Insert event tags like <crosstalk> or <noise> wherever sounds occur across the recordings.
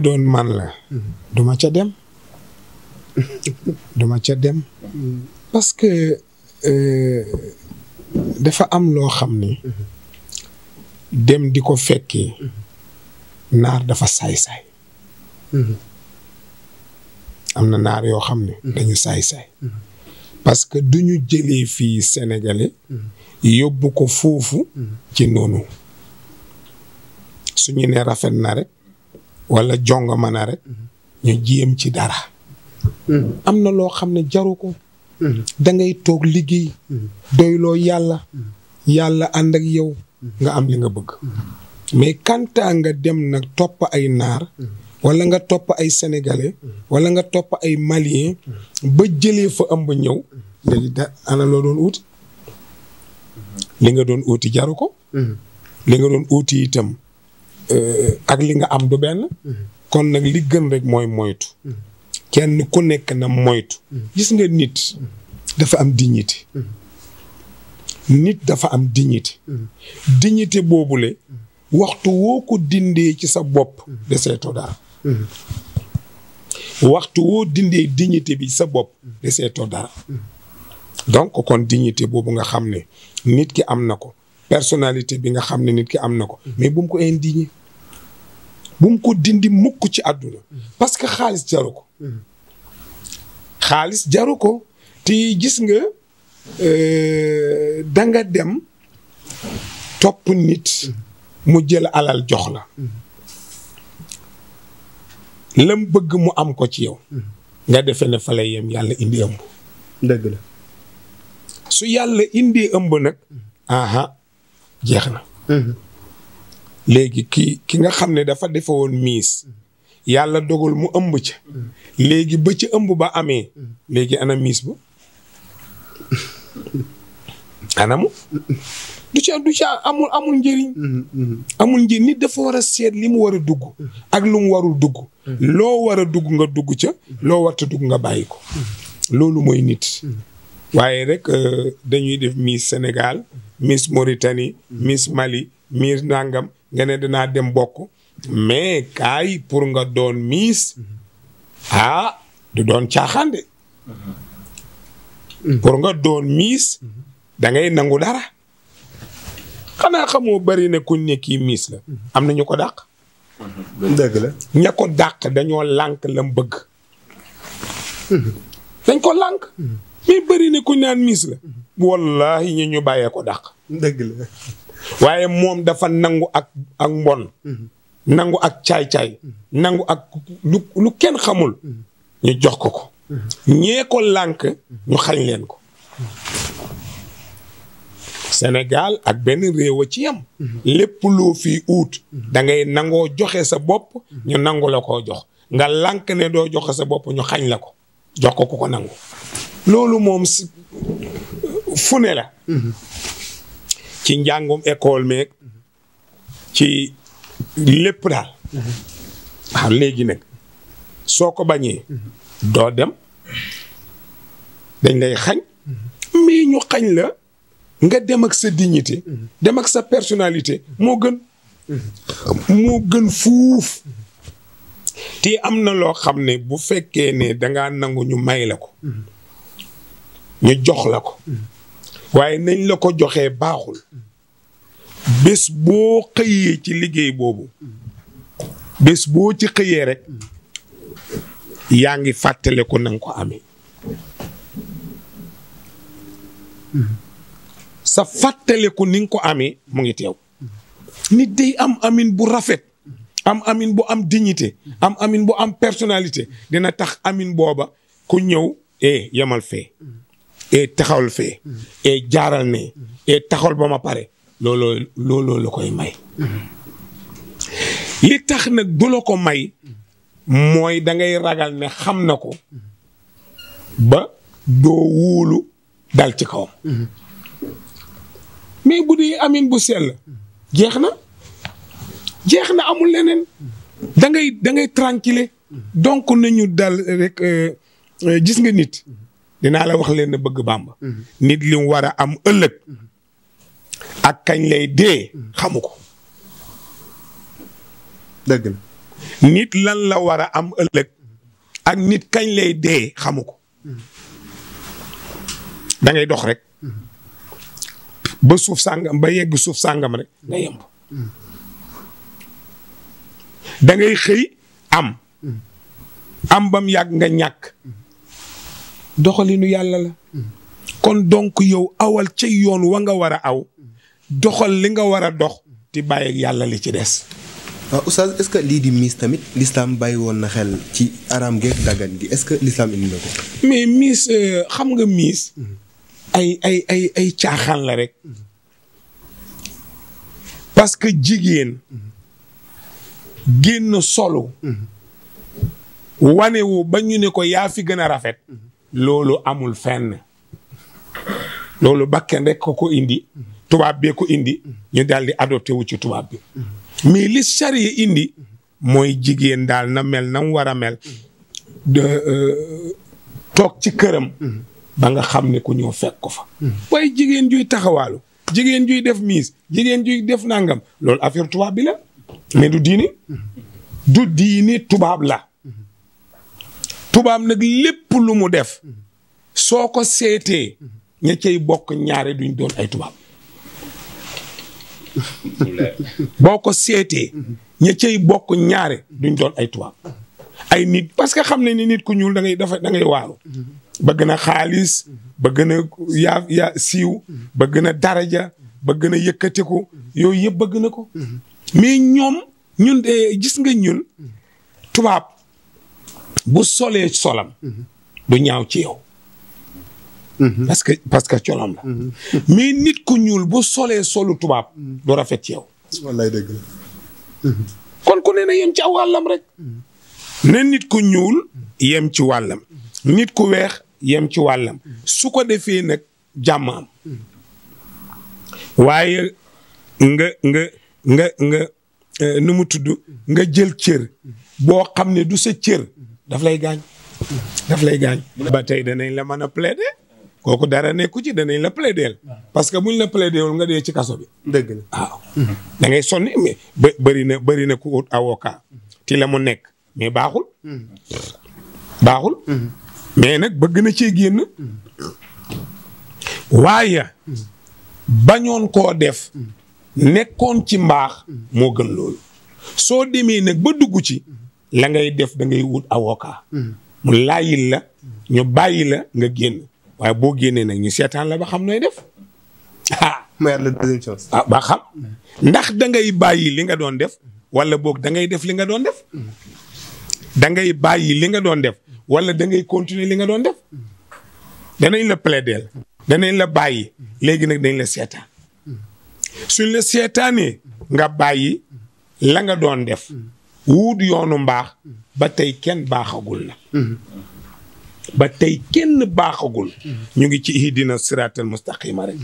doon man la mm-hmm. duma ca dem <laughs> duma ca dem parce que euh, dafa am loo xam ni mm-hmm. dem di ko fekki mm-hmm. naar dafa saay-saay am na naar yoo xam ne dañu saay-saay parce que du ñu jëlee fii sénégalais yóbbu ko foofu ci noonu suñu ne rafet na rek wala jongo mën a rek ñu jéem ci dara am na loo xam ne jaru ko dangay toog liggéey doyloo yàlla yàlla ànd ak yow nga am li nga bëgg mais kanta nga dem nag topp ay naar walla nga topp ay sénégalais wala nga topp ay malien ba jëlee fa am ba ñëw léegi doon uuti li nga doon uuti jaru ko mm-hmm. li nga doon uuti itam Euh, ak li nga am du benn. kon nag li gën rek mooy moytu. kenn ku nekk na moytu. gis nga nit. dafa am dignité. nit dafa am dignité. dignité boobule. waxtu woo ko dindee ci sa bopp. deseetoo dara. waxtu woo dindee dignité bi sa bopp. deseetoo dara. donc kon dignité boobu nga xam ne nit ki am na ko personnalité bi nga xam ne nit ki am na ko mais bu mu ko indigné bu ko dindi mukk ci àdduna parce que xaalis jaru ko hmm. xaalis jaru ko te gis nga euh, da nga dem topp nit mu jël alal jox la lam bëgg mu am ko ci yow hmm. nga defe ne fa yem yàlla indi ëmb su yàlla indi ëmb nag hmm. aha jeex na léegi ki ki nga xam ne dafa defe miis yàlla dogal mu ëmb ca léegi ba ci ëmb ba amee léegi ana miis ba anamu du ca du ca amul amul njëriñ amul njëriñ nit dafa war a seet li mu war a dugg ak lum warul dugg loo war a dugg nga dugg ca loo warta dugg nga bàyyi ko loolu mooy nit waaye rek euh, dañuy def miis Sénégal Miss Mauritanie Miss Mali Miss Nangam nga ne dinaa dem bokk mais kaay pour nga doon miis ah di doon caaxaan de mm-hmm. pour nga doon miis mm-hmm. da ngay nangu dara xanaa xamoo bari ne kuñ ne kii miis la mm-hmm. am na ñu ko dàq dëgg la ña ko dàq dañoo lànk lam bëgg dañ ko lànk bari ne kuñ naan miis la wallahi ñu ñu bàyyee ko dàq dëgg la waaye moom dafa nangu ak ak mbon mm-hmm. nangu ak caay-caay mm-hmm. nangu ak lu kenn xamul mm-hmm. ñu jox ko ko ñee ko lànk ñu xañ leen ko senegal ak benn réew a ci yam lépp loo fi uut dangay nangoo joxe sa bopp ñu nangu la ko jox nga lànk ne doo joxe sa bopp ñu xañ la ko jox ko ku ko nangu loolu moom si fu ne la ci njàngum école meeg ci lépp daal. waaw léegi nag soo ko bañee. doo dem dañ lay xañ. mais ñu xañ la nga dem ak sa dignité. dem ak sa personalité moo gën. moo gën fuuf. te am na loo xam ne bu fekkee ne dangaa nangu ñu may la ko. ñu jox la ko. waaye nañ la ko joxee baaxul bés boo xëyee ci liggéey boobu bés boo ci xëyee rek yaa ngi fàttale ko ko amee sa fàttale ko ni nga ko amee mu ngi teew nit day am amin bu rafet am amin bu am dignité am amin bu am personnalité dina tax amin booba ku ñëw eh yamal fee e taxawal fee e jaaral ne e taxawal ba ma pare looloo looloo koy may mm-hmm. li tax nag du la ko may mooy dangay ragal ne xam na ko ba doo wóolu dal ci kawam mais bu dee amin bu sell jeex na jeex na amul leneen dangay dangay da ngay tranquille donc nañu dal rek euh, euh, gis nga nit dinaa la wax leen bëgg Bàmba mhm. nit li mu war a am ëllëg mhm. ak kañ lay dee mhm. xamu ko dëgg la nit lan la war a am ëllëg ak nit kañ lay dee xamu ko dangay dox rek ba suuf sàngam ba yegg suuf sàngam rek nga da ngay xëy am am bam yàgg nga ñàkk doxalinu yàlla la. kon donc yow awal ca yoon wa nga war a aw. doxal li nga war a dox. di bàyyi yàlla li ci des. waaw oustaz est-ce que lii di miis tamit l'islam bàyyi woon na xel ci araam geeg dagan gi est-ce que l'islam indi na ko. mais miis euh, xam nga miis. ay ay ay caaxaan la rek. parce que jigéen. génn solo. wane wu ba ñu ne ko yaa fi gën a rafet. loolu amul fenn loolu bakken rek ko indi tubaab bee ko indi ñu daal di adopté wu ci tubaab bi mais li sariya indi mooy jigéen daal na mel na mu war a mel de euh, toog ci këram ba nga xam ne ku ñëw fekk ko fa waaye jigéen juy taxawaalu jigéen juy def miis jigéen juy def nangam loolu affaire tubaab bi la mais du diini du diini tubaab la tubaab nag lépp lu mu def mm-hmm. soo ko seetee mm-hmm. ña cay bokk ñaare duñ doon ay tubaab <laughs> boo ko seetee mm-hmm. ña cay bokk ñaare duñ doon ay tubaab ay nit parce que xam ne nit ku ñuul da ngay dafa da ngay waaru bëgg xaalis bëgg na yaa yaa siiw bëgg na daraja bëgg na yëkkateku yooyu yëpp bëgg na ko mais ñoom ñun de gis nga ñun tubaab bu solee solam du ñaaw ci yow parce que parce que colom la mais nit ku ñuul bu solee solu tubaab du rafet ci yow wallaay dëgg la kon ku ne na yem ci aw wàllam rek ne nit ku ñuul yem ci wàllam nit ku weex yem ci wàllam su ko defee nag jàmm waaye nga nga nga nga eh, nu mu tudd nga jël cër boo xam ne du sa cër daf lay gaañ daf lay gaañ ba tey danañ la mën a plaider kooku dara nekku ci danañ la plaider parce que buñ la plaider wul nga dee ci kaso bi dëgg la waaw da ngay sonni mais bëri na bëri na ku ut avocat ci la mu nekk mais baaxul baaxul mais nag bëgg na cee génn waaye bañoon koo def nekkoon ci mbaax moo gën loolu soo demee nag ba dugg ci la ngay def da ngay wut avocat. mu laayil la ñu bàyyi la nga génn waaye boo génnee nag ñu seetaan la ba xam nooy def ah. maire la deuxième chose. Ah, ndax da ngay bàyyi li nga doon def wala boog da ngay def li nga doon def da ngay bàyyi li nga doon def wala da ngay continuer li nga doon def danañ la plaider danañ la bàyyi léegi nag dañ la seetaan suñ la seetaanee nga bàyyi la nga doon def. wuut yoonu mbaax ba tey kenn baaxagul la ba tey kenn baaxagul ñu ngi ci ihdina siraatal mustaqima rek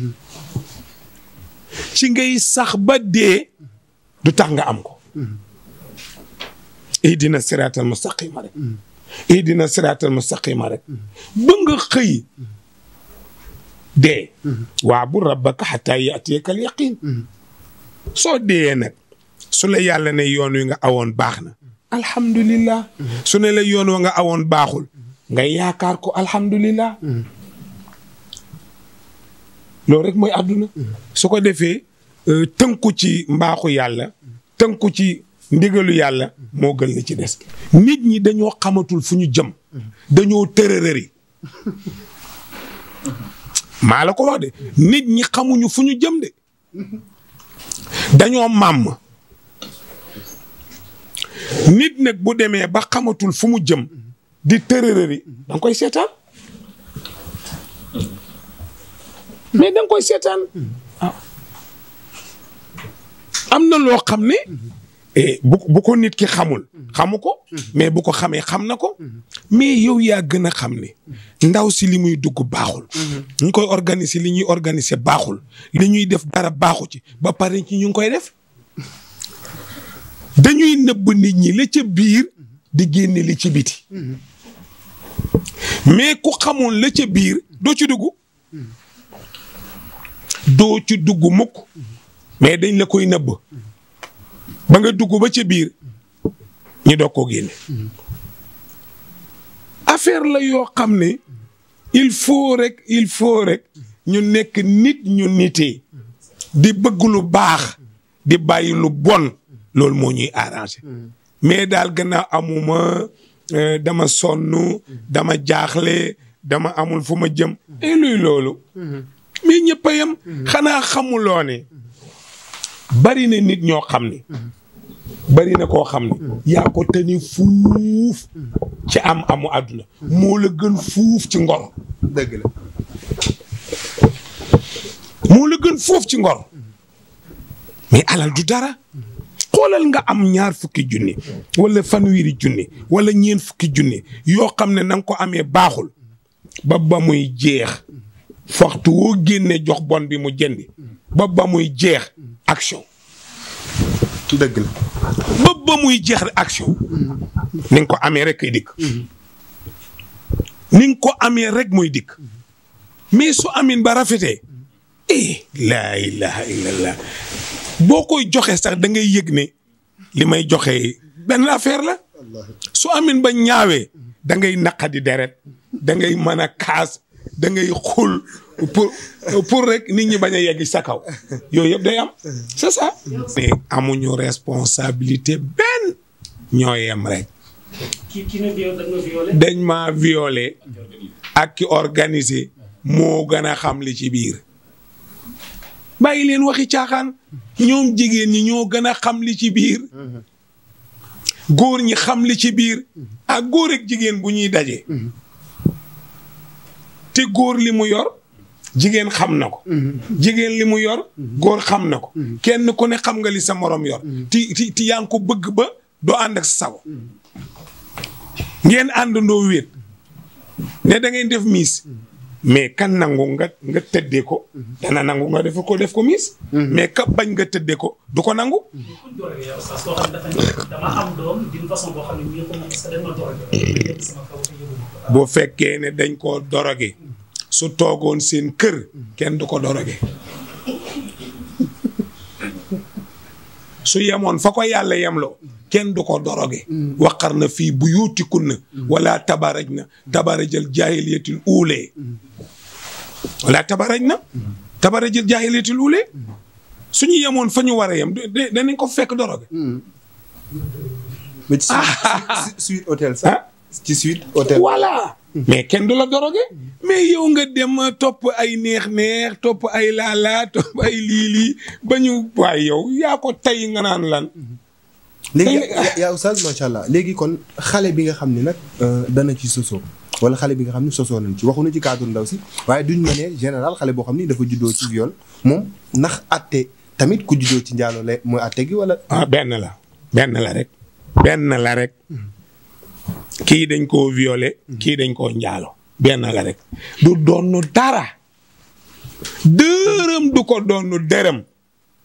ci ngay sax ba dee du tax nga am ko ihdina siraatal mustaqima rek ihdina siraatal mustaqima rek ba nga xëy dee waabud rabbaka xataa yaatiyaka al yaqin soo dee nag su la yàlla na yoon wi nga awoon baax na alhamdulillah su ne la yoon wa nga awoon baaxul nga yaakaar ko alhamdulillah loolu rek mooy àdduna su ko defee euh, tënku ci mbaaxu yàlla tënku ci ndigalu yàlla moo gën la ci des nit ñi dañoo xamatul fu ñu jëm dañoo tërërëri maa la ko wax de nit ñi xamuñu fu ñu jëm de dañoo màmm nit nag bu demee ba xamatul fu mu jëm di tërërëri da koy seetaan mais da koy seetaan ah. am na loo xam ne eh, bu bu ko nit ki xamul xamu ko mais bu ko xamee xam na ko mais yow yaa gën a xam ne ndaw si li muy dugg baaxul ñu koy organiser li ñuy organiser baaxul li ñuy def dara baaxu ci ba pare ci ñu ngi koy def dañuy nëbb nit ñi la ca biir di génne li ci biti mais ku xamoon la ca biir doo ci dugg doo ci dugg mukk mais dañ la koy nëbb ba nga dugg ba ca biir ñu ko koo génne affaire la yoo xam ne il faut rek il faut rek ñu nekk nit ñu nitee di bëgg lu baax di bàyyi lu bon loolu moo ñuy arrangé. Mm. mais daal gannaaw amuma euh, dama sonn mm. dama jaaxle dama amul fu ma jëm. Mm. et loolu. Mm-hmm. mais ñëpp a yem. Mm-hmm. xanaa xamuloo ne. Mm-hmm. bari na nit ñoo xam ne. bari na koo xam ne. yaa ko tani fuuf. ci am amu àdduna. moo la gën fuuf ci ngor. dëgg la. gën fuuf ci ngor. mais alal du dara. xoolal nga am ñaar fukki junni walla fan wiiri junni wala ñeen fukki junni yoo xam ne na ko amee baaxul ba ba muy jeex waxtu woo génne jox bon bi mu jëndi ba ba muy jeex action. dëgg ba muy jeex action. ni ko amee rek kay dikk. ni ko amee rek mooy dikk. mais su amin ba rafetee. eh laa ilaha illallah boo koy joxe sax dangay ngay yëg ne li may joxe benn affaire la su amin ba ñaawee da ngay naqadi deret dangay ngay mën a kaas da ngay xul pour pour rek nit ñi bañ a yegg sa kaw yooyu yëpp day am c'est ça. amuñu responsabilité benn ñoo yem rek. dañ maa violé ak ki organisé moo gën a xam li ci biir. bàyyi leen waxi caaxaan ñoom jigéen ñi ñoo gën a xam li ci biir góor ñi xam li ci biir ak góor ak jigéen bu ñuy daje te góor li mu yor jigéen xam na ko jigéen li mu yor góor xam na ko kenn ku ne xam nga li sa morom yor ti ti ko bëgg ba doo ànd ak sa sago ngeen àndandoo wéet ne da ngeen def miis mais kan nangu nga nga tëddee ko. Mhm. dana nangu nga def ko def ko miis. Mhm. mais ka bañ nga tëddee ko du ko nangu. Mhm. bu fekkee ne dañ koo doroge su toogoon seen kër kenn du ko doroge su yemoon fa ko yàlla yemloo kenn du ko doroge waqar na fii buyuutikunna wala tabaraj na tabarajal jaahiliyatil uulee wala tabaraj na tabarajil jaahiliyatil uulaa su ñu yemoon fa ñu war a yem danañ ko fekk doroge hmm. mais ah, ah, ci suite hôtel sax ah. mais kenn du la doroge mais yow nga dem topp ay neex-neex topp ay laala topp ay liili ba ñu waay yow yaa ko tey nga naan lan léegi yaa macha allah léegi kon xale bi nga xam ni nag euh, dana ci sosoo wala xale bi nga xam ne sosoo nañ ci waxuñu ci cadre ndaw si waaye duñ ma ne général xale boo xam ni dafa juddoo ci viol moom ndax atte tamit ku juddoo ci njaaloo la mooy atte gi wala. ah benn la benn la rek. benn la rek kii dañ koo violé kii dañ koo njaalo benn la rek du doonu dara dërëm du ko doonu dërëm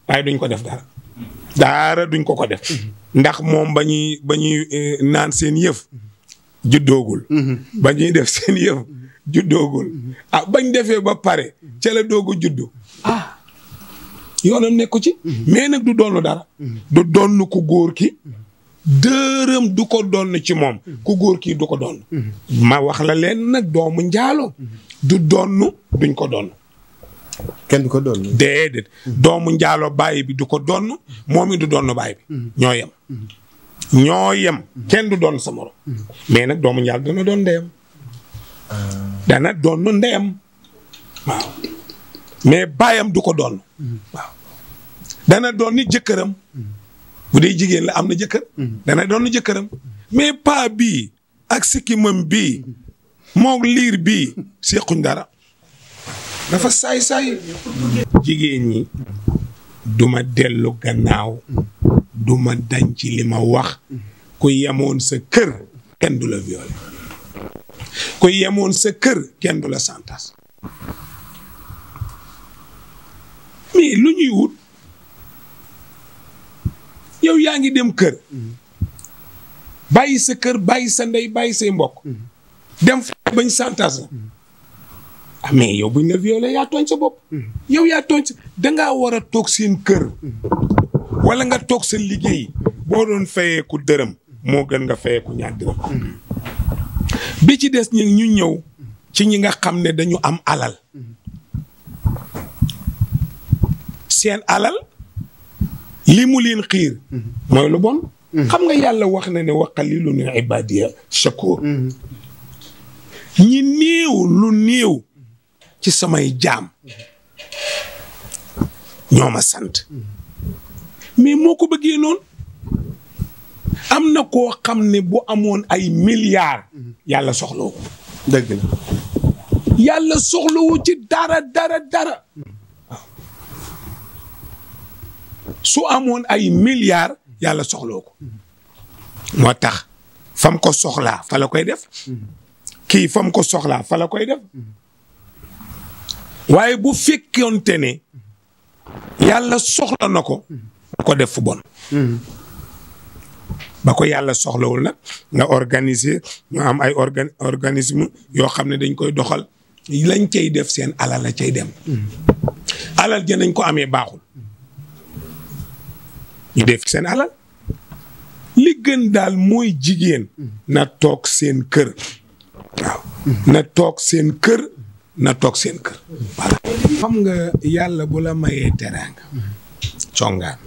waaye duñ ko def dara dara duñ ko ko def mm-hmm. ndax moom ba ba ñuy eh, naan seen yëf. juddoogul. Mhm. ba ñuy def seen yëf juddoogul. Mhm. ah bañ defee ba pare ca la juddu ah yoonam nekku ci. Mhm. mais nag du doon dara. du doon ku góor ki. dërëm du ko doon ci moom. ku góor kii du ko doon. ma wax la leen nag doomu njaalo. du doon duñ ko doon. kenn du ko doon. doomu njaalo baay bi du ko doon moom it du doon baay bi. ñoo yem. ñoo yem kenn du doon sa morom mais nag doomu njaal dana doon ndeyam dana doon ndeyam waaw mais baayam du ko doon waaw dana doon ni jëkkëram bu dee jigéen la am na jëkkër doon jëkkëram mais paa bii ak sikkimam bii moom liir bii sequñ dara dafa say say jigéen ñi duma dellu gannaaw du ma dañ ci li ma wax ku yemoon sa kër kenn du la violé ku yemoon sa kër kenn du la santas mais lu ñuy wut yow yaa ngi dem kër bàyyi sa kër bàyyi sa ndey bàyyi say mbokk dem fa bañ santas la ah mais yow buñ la violé yaa tooñ sa bopp yow yaa tooñ sa dangaa war a toog seen kër wala nga toog sa liggéey boo doon fayeeku dërëm moo gën nga fayeeku ñaar dërëm bi ci des ñi ñu ñëw ci ñi nga xam ne dañu am alal seen alal lii mu leen xiir mooy lu bon xam nga yàlla wax na ne wa qalilun min ibadiya shakur ñi néew lu néew ci samay jaam ñoo sant mais moo ko bëggee noon am na koo xam ne bu amoon ay milliards yàlla soxlawu ko dëgg la yàlla soxlawu ci dara dara dara su amoon ay milliards yàlla soxlawu ko moo tax fam ko soxlaa fa la koy def kii fam ko soxlaa fa la koy def waaye bu fekkonte ne yàlla soxla na ko ba ko def fu bon. Mm-hmm. ba ko yàlla soxlawul nag nga organiser ñu am ay organ organisme yoo xam ne dañ koy doxal lañ cay def seen alal la cay dem. Mm-hmm. alal ja nañ ko amee baaxul. ñu def seen alal. li gën daal mooy jigéen. Mm-hmm. na toog seen kër. na toog seen kër. na toog seen kër. xam nga yàlla bu la mayee teraanga. congaan.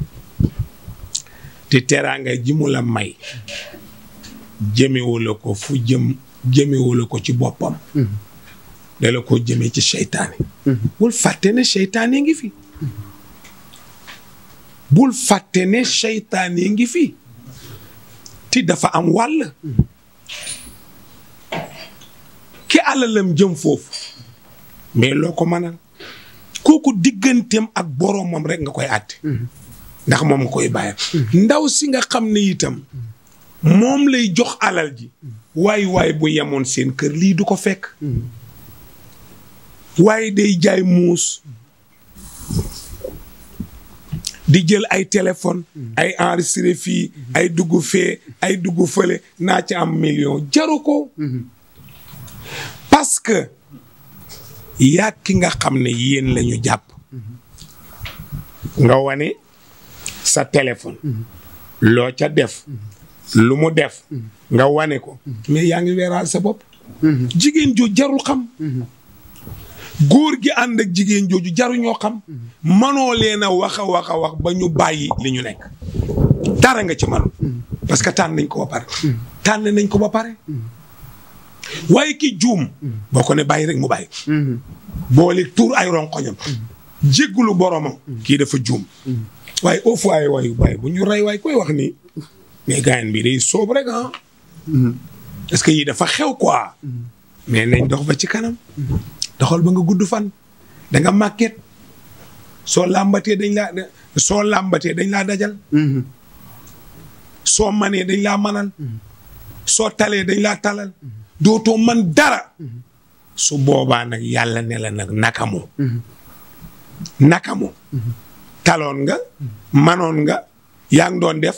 te teraanga ji mu may jëmewu la ko fu jëm jëmewu ko ci boppam mm-hmm. da ko jëmee ci seytaane mm-hmm. bul fàtte ne seytaane ngi fi bul fàtte ne seytaane ngi fi ti dafa am wàll ki alalam jëm foofu mais loo ko mënal kooku digganteem ak boroomam rek nga koy àtte mm-hmm. ndax moom koy bàyyam mm-hmm. ndaw si nga xam ne itam moom lay jox alal ji mm-hmm. waay waay bu yemoon seen kër lii du ko fekk mm-hmm. waaye day jaay muus di jël ay téléphone ay enregistré fii ay dugg fee ay naa ci am million jaru ko parce que ki nga xam ne yéen lañu ñu jàpp nga wane sa téléphone. loo ca def. lu mu def. nga wane ko. mais yaa ngi weeraal sa bopp. jigéen jooju jarul xam. góor gi ànd ak jigéen jooju jaru ñoo xam. manoo leen a wax a wax ba ñu bàyyi li ñu nekk. tara nga ci manu parce que tànn nañ ko ba pare. tànn nañ ko ba pare. waaye ki juum. boo ko ne bàyyi rek mu bàyyi. boole tuur ay ronkoñam jéggulu boromam. kii dafa juum. waaye au foyer waayu bàyyi bu ñu rey waay koy wax ni mais gaayen bi day soob rek ah. parce que yii dafa xew quoi. mais nañ dox ba ci kanam. doxal ba nga gudd fan. danga nga soo làmbatee dañ laa soo làmbatee dañ laa dajal. soo manee dañ laa manal. soo talee dañ laa talal. dootoo man dara. su boobaa nag yàlla ne la nag nakamu. nakamu. taloon nga manoon nga yaa ngi doon def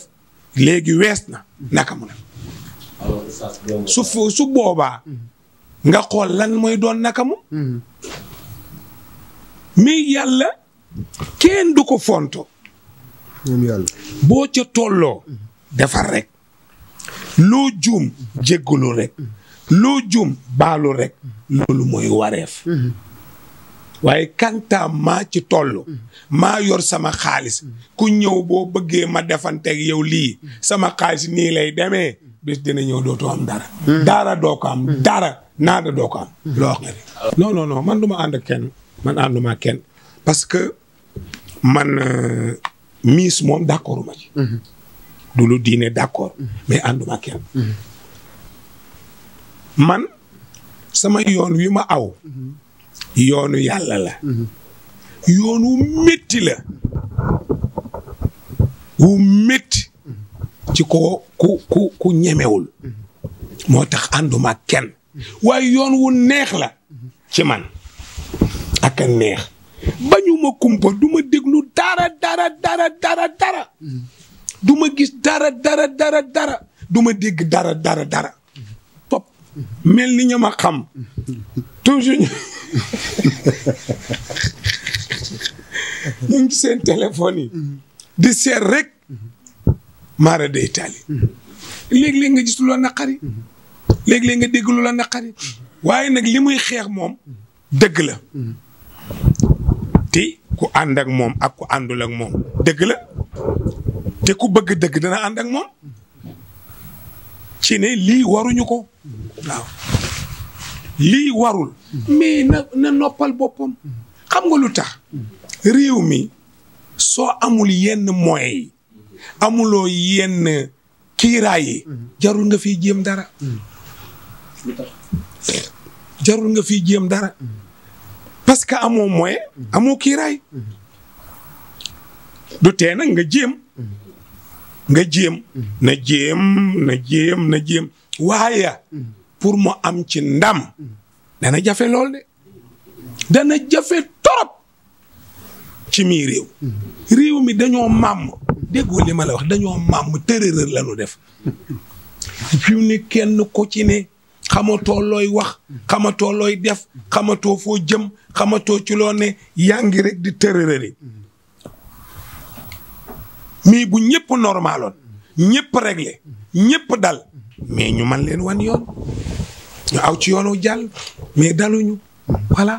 léegi wees na naka mu ne su boobaa nga xool lan mooy doon naka mu mais yàlla kenn du ko fonto boo ca tolloo defar rek loo juum jéggalu rek loo juum baalu rek loolu mooy wareef waaye kantaa maa ci toll maa yor sama xaalis ku ñëw boo bëggee ma defanteeg yow lii sama xaalis nii lay demee bis dina ñëw dootoo am dara dara doo ko am dara naada doo ko am loo wax nga man du ma ànd ak kenn man ànduma kenn parce que man euh, miis moom d'accord ma ci lu diine d'accord mais ànduma kenn man sama yoon wi ma aw yoonu yàlla la yoonu métti la wu métti ci ko ku ku ñemewul moo tax ànduma ak kenn waaye yoon wu neex la ci man ak a neex bañuma kumpa du ma déglu dara dara dara dara dara du gis dara dara dara dara du dégg dara dara dara mel ni ña xam <laughs> ñu ngi seen téléphone yi. di seet rek. maara day taali. léeg-léeg nga gis lu la naqari. léeg-léeg nga dégg lu la naqari. waaye nag li muy xeex moom. dëgg la. te ku ànd moom ak ku àndul ak moom dëgg la. te ku bëgg dëgg dana ànd moom. ci ne lii waruñu ko lii warul mais na noppal boppam xam nga lu tax réew mi soo amul yenn moyens yi amuloo yenn kiiraay jarul nga fiy jéem dara jarul nga fiy jéem dara parce que amoo moyen amoo kiiraay du tee nga jéem nga jéem na jéem na jéem na jéem waaye pour mu am ci ndam dana jafe lool de dana jafe torop ci mii réew réew mi dañoo màmm déggoo li ma la wax dañoo màmm tërërër la ñu def fi mu ne kenn ko ci ne xamatoo looy wax xamatoo looy def xamatoo foo jëm xamatoo ci loo ne yaa ngi rek di tërërëri mais bu ñëpp normaloon ñëpp réglé ñëpp dal mais ñu man leen wan yoon ñu aw ci yoonu jàll mais daluñu voilà